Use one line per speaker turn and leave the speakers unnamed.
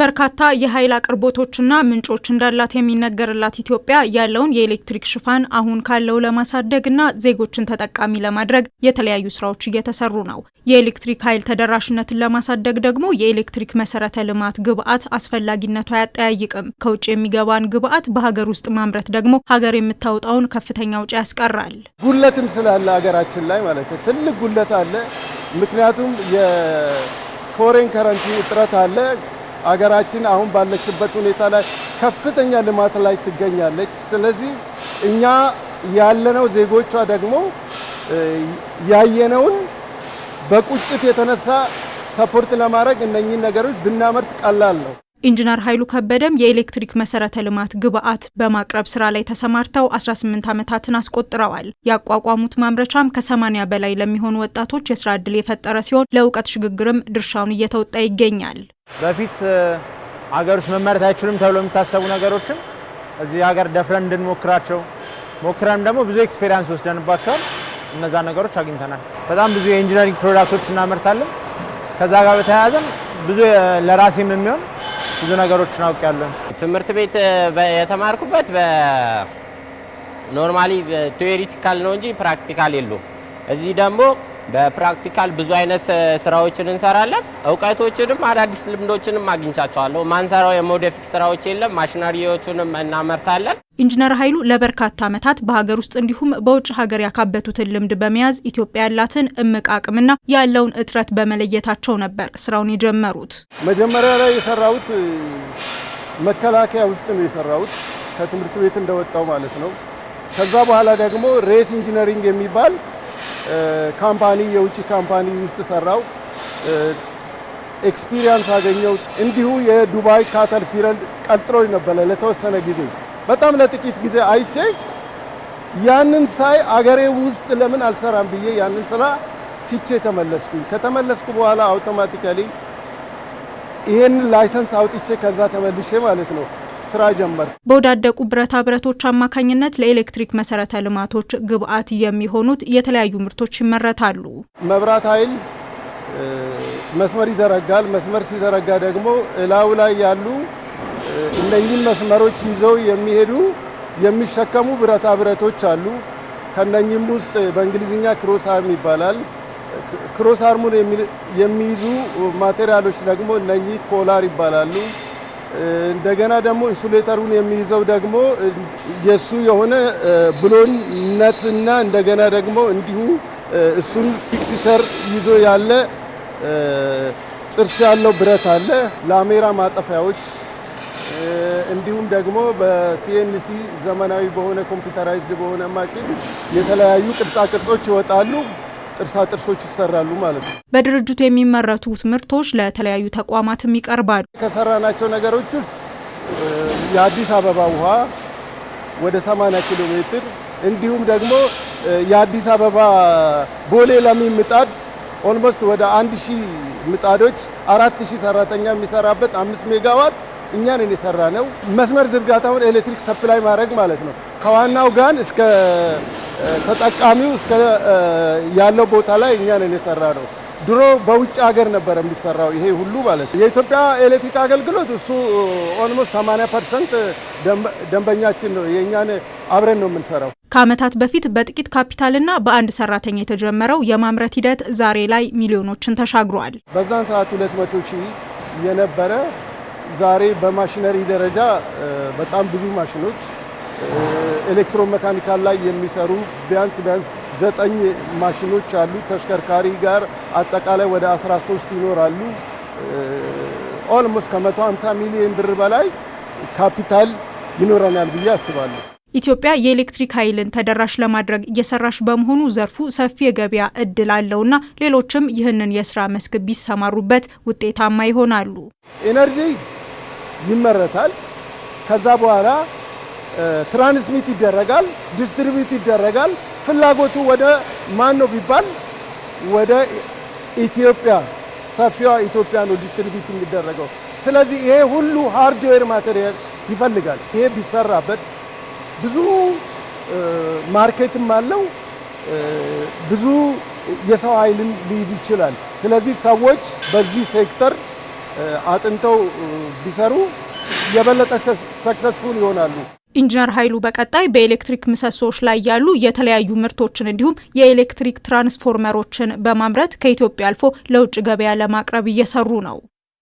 በርካታ የኃይል አቅርቦቶችና ምንጮች እንዳላት የሚነገርላት ኢትዮጵያ ያለውን የኤሌክትሪክ ሽፋን አሁን ካለው ለማሳደግና ዜጎችን ተጠቃሚ ለማድረግ የተለያዩ ስራዎች እየተሰሩ ነው። የኤሌክትሪክ ኃይል ተደራሽነትን ለማሳደግ ደግሞ የኤሌክትሪክ መሰረተ ልማት ግብዓት አስፈላጊነቱ አያጠያይቅም። ከውጭ የሚገባን ግብዓት በሀገር ውስጥ ማምረት ደግሞ ሀገር የምታወጣውን ከፍተኛ ውጪ ያስቀራል።
ጉለትም ስላለ ሀገራችን ላይ ማለት ትልቅ ጉለት አለ። ምክንያቱም የፎሬን ከረንሲ እጥረት አለ። አገራችን አሁን ባለችበት ሁኔታ ላይ ከፍተኛ ልማት ላይ ትገኛለች። ስለዚህ እኛ ያለነው ዜጎቿ ደግሞ ያየነውን በቁጭት የተነሳ ሰፖርት ለማድረግ እነኚህን ነገሮች ብናመርት ቀላል ነው።
ኢንጂነር ኃይሉ ከበደም የኤሌክትሪክ መሰረተ ልማት ግብአት በማቅረብ ስራ ላይ ተሰማርተው 18 ዓመታትን አስቆጥረዋል። ያቋቋሙት ማምረቻም ከ80 በላይ ለሚሆኑ ወጣቶች የስራ ዕድል የፈጠረ ሲሆን ለእውቀት ሽግግርም ድርሻውን እየተወጣ ይገኛል።
በፊት ሀገር ውስጥ መመረት አይችሉም ተብሎ የሚታሰቡ ነገሮችን እዚህ ሀገር ደፍረን እንድንሞክራቸው ሞክረንም ደግሞ ብዙ ኤክስፔሪንስ ወስደንባቸዋል። እነዛ ነገሮች አግኝተናል። በጣም ብዙ የኢንጂነሪንግ ፕሮዳክቶች እናመርታለን። ከዛ ጋር በተያያዘም ብዙ ለራሴም የሚሆን ብዙ ነገሮች አውቄያለሁ።
ትምህርት ቤት የተማርኩበት ኖርማሊ ቴዎሪቲካል ነው እንጂ ፕራክቲካል የለውም። እዚህ ደግሞ በፕራክቲካል ብዙ አይነት ስራዎችን እንሰራለን። እውቀቶችንም አዳዲስ ልምዶችንም አግኝቻቸዋለሁ። ማንሰራው የሞደፊክ ስራዎች የለም። ማሽነሪዎቹንም እናመርታለን።
ኢንጂነር ኃይሉ ለበርካታ ዓመታት በሀገር ውስጥ እንዲሁም በውጭ ሀገር ያካበቱትን ልምድ በመያዝ ኢትዮጵያ ያላትን እምቅ አቅምና ያለውን እጥረት በመለየታቸው ነበር ስራውን የጀመሩት።
መጀመሪያ ላይ የሰራሁት መከላከያ ውስጥ ነው የሰራሁት ከትምህርት ቤት እንደወጣው ማለት ነው። ከዛ በኋላ ደግሞ ሬስ ኢንጂነሪንግ የሚባል ካምፓኒ የውጭ ካምፓኒ ውስጥ ሰራው፣ ኤክስፒሪየንስ አገኘው። እንዲሁ የዱባይ ካተርፒለር ቀጥሮኝ ነበረ ለተወሰነ ጊዜ በጣም ለጥቂት ጊዜ አይቼ ያንን ሳይ አገሬ ውስጥ ለምን አልሰራም ብዬ ያንን ስራ ትቼ ተመለስኩኝ። ከተመለስኩ በኋላ አውቶማቲካሊ ይሄን ላይሰንስ አውጥቼ ከዛ ተመልሼ ማለት ነው ስራ ጀመር።
በወዳደቁ ብረታ ብረቶች አማካኝነት ለኤሌክትሪክ መሰረተ ልማቶች ግብአት የሚሆኑት የተለያዩ ምርቶች ይመረታሉ።
መብራት ኃይል መስመር ይዘረጋል። መስመር ሲዘረጋ ደግሞ እላው ላይ ያሉ እነኚህ መስመሮች ይዘው የሚሄዱ የሚሸከሙ ብረታ ብረቶች አሉ። ከነኚህም ውስጥ በእንግሊዝኛ ክሮስ አርም ይባላል። ክሮስ አርሙን የሚይዙ ማቴሪያሎች ደግሞ እነኚህ ኮላር ይባላሉ። እንደገና ደግሞ ኢንሱሌተሩን የሚይዘው ደግሞ የሱ የሆነ ብሎንነትና እንደገና ደግሞ እንዲሁ እሱን ፊክስቸር ይዞ ያለ ጥርስ ያለው ብረት አለ። ላሜራ ማጠፊያዎች እንዲሁም ደግሞ በሲኤንሲ ዘመናዊ በሆነ ኮምፒውተራይዝድ በሆነ ማሽን የተለያዩ ቅርጻ ቅርጾች ይወጣሉ። ጥርሳ ጥርሶች ይሰራሉ ማለት ነው።
በድርጅቱ የሚመረቱት ምርቶች ለተለያዩ ተቋማትም ይቀርባሉ።
ከሰራናቸው ነገሮች ውስጥ የአዲስ አበባ ውሃ ወደ 80 ኪሎ ሜትር እንዲሁም ደግሞ የአዲስ አበባ ቦሌ ለሚ ምጣድ ኦልሞስት ወደ 1000 ምጣዶች 4000 ሰራተኛ የሚሰራበት 5 ሜጋዋት እኛን የሰራ ነው። መስመር ዝርጋታውን ኤሌክትሪክ ሰፕላይ ማድረግ ማለት ነው። ከዋናው ጋን እስከ ተጠቃሚው እስከ ያለው ቦታ ላይ እኛን የሰራ ነው። ድሮ በውጭ ሀገር ነበረ የሚሰራው ይሄ ሁሉ ማለት ነው። የኢትዮጵያ ኤሌክትሪክ አገልግሎት እሱ ኦልሞስት 80 ፐርሰንት ደንበኛችን ነው። የእኛን አብረን ነው የምንሰራው።
ከዓመታት በፊት በጥቂት ካፒታልና በአንድ ሰራተኛ የተጀመረው የማምረት ሂደት ዛሬ ላይ ሚሊዮኖችን ተሻግሯል።
በዛን ሰዓት 200 ሺህ የነበረ ዛሬ በማሽነሪ ደረጃ በጣም ብዙ ማሽኖች ኤሌክትሮሜካኒካል ላይ የሚሰሩ ቢያንስ ቢያንስ ዘጠኝ ማሽኖች አሉ። ተሽከርካሪ ጋር አጠቃላይ ወደ 13 ይኖራሉ። ኦልሞስት ከ150 ሚሊዮን ብር በላይ ካፒታል ይኖረናል ብዬ አስባለሁ።
ኢትዮጵያ የኤሌክትሪክ ኃይልን ተደራሽ ለማድረግ እየሰራች በመሆኑ ዘርፉ ሰፊ የገበያ እድል አለውና ሌሎችም ይህንን የስራ መስክ ቢሰማሩበት ውጤታማ ይሆናሉ።
ኤነርጂ ይመረታል። ከዛ በኋላ ትራንስሚት ይደረጋል፣ ዲስትሪቢዩት ይደረጋል። ፍላጎቱ ወደ ማን ነው ቢባል ወደ ኢትዮጵያ ሰፊዋ ኢትዮጵያ ነው ዲስትሪቢዩት የሚደረገው። ስለዚህ ይሄ ሁሉ ሃርድዌር ማቴሪያል ይፈልጋል። ይሄ ቢሰራበት ብዙ ማርኬትም አለው፣ ብዙ የሰው ኃይልን ሊይዝ ይችላል። ስለዚህ ሰዎች በዚህ ሴክተር አጥንተው ቢሰሩ የበለጠ ሰክሰስፉል ይሆናሉ።
ኢንጂነር ኃይሉ በቀጣይ በኤሌክትሪክ ምሰሶዎች ላይ ያሉ የተለያዩ ምርቶችን እንዲሁም የኤሌክትሪክ ትራንስፎርመሮችን በማምረት ከኢትዮጵያ አልፎ ለውጭ ገበያ ለማቅረብ እየሰሩ ነው።